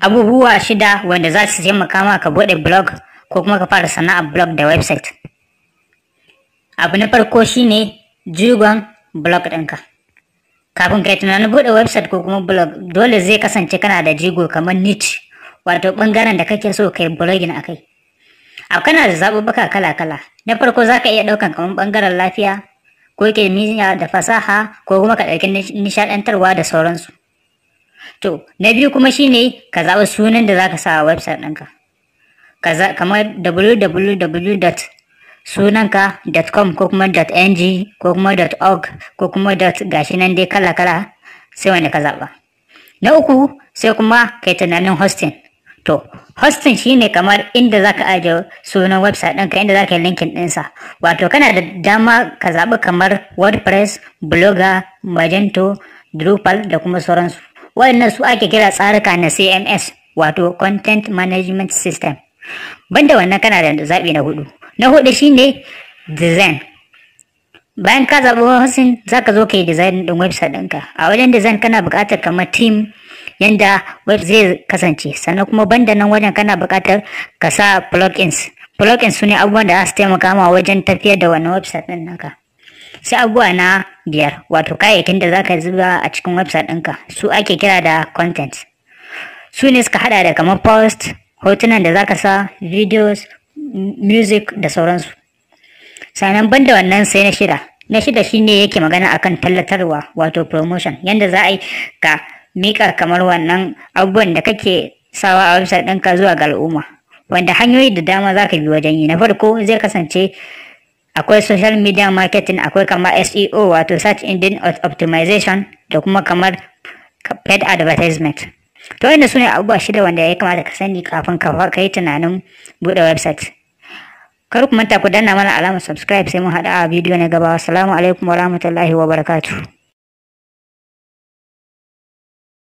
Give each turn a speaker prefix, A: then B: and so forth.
A: abubuwa shida wanda za su taimaka ma ka bude blog ko kuma ka fara sana'ar blog da website abu na farko shine jigon blog ɗinka kafin kai tunanin bude website ko kuma blog dole zai kasance kana da jigo kamar niche wato bangaren da kake so kai blogging kai a kana da zaɓuɓɓuka kala-kala na farko za ka iya ɗaukan kamar bangaren lafiya ko kimiyya da fasaha ko kuma ka ɗauki nishaɗantarwa da sauransu to na biyu kuma shine ka zaɓi sunan da zaka sa a website ɗinka kamar www.sunanka.com ko kuma .ng ko kuma .org ko kuma .gashi nan dai kala kala sai wanda ka zaɓa na uku sai kuma kai tunanin hosting to hosting shine kamar inda zaka ajiye sunan website ɗinka inda zaka yi linkin ɗinsa wato kana da dama ka zaɓi kamar wordpress blogger magento drupal da kuma sauransu wayannan su ake kira tsarika na CMS wato Content Management System banda wannan kana da zaɓi na hudu na hudu shine design bayan ka zaɓi hosting za ka zo ka yi design ɗin website ɗinka a wajen design kana buƙatar kamar team yanda web zai kasance sannan kuma banda nan wajen kana buƙatar ka sa plugins plugins su ne abubuwan da za su taimaka ma wajen tafiyar da wannan website ɗin naka sai abubuwa na biyar wato kayayyakin da za ka zuba a cikin website ɗinka su ake kira da content su ne suka hada da kamar post hotunan da za ka sa videos music da sauransu sannan banda wannan sai na shida na shida shine yake magana akan tallatarwa wato promotion yanda za a yi ka mika kamar wannan abubuwan da kake sawa a website ɗinka zuwa ga al'umma wanda hanyoyi da dama za ka bi wajen yi na farko zai kasance akwai social media marketing akwai kamar SEO wato search engine optimization da kuma kamar paid advertisement to wanda su ne abubuwa shida wanda ya kamata ka sani kafin ka yi tunanin buɗe website kar ku manta ku danna mana alamar subscribe sai mun haɗa a bidiyo na gaba assalamu alaikum wa rahmatullahi wa barakatu.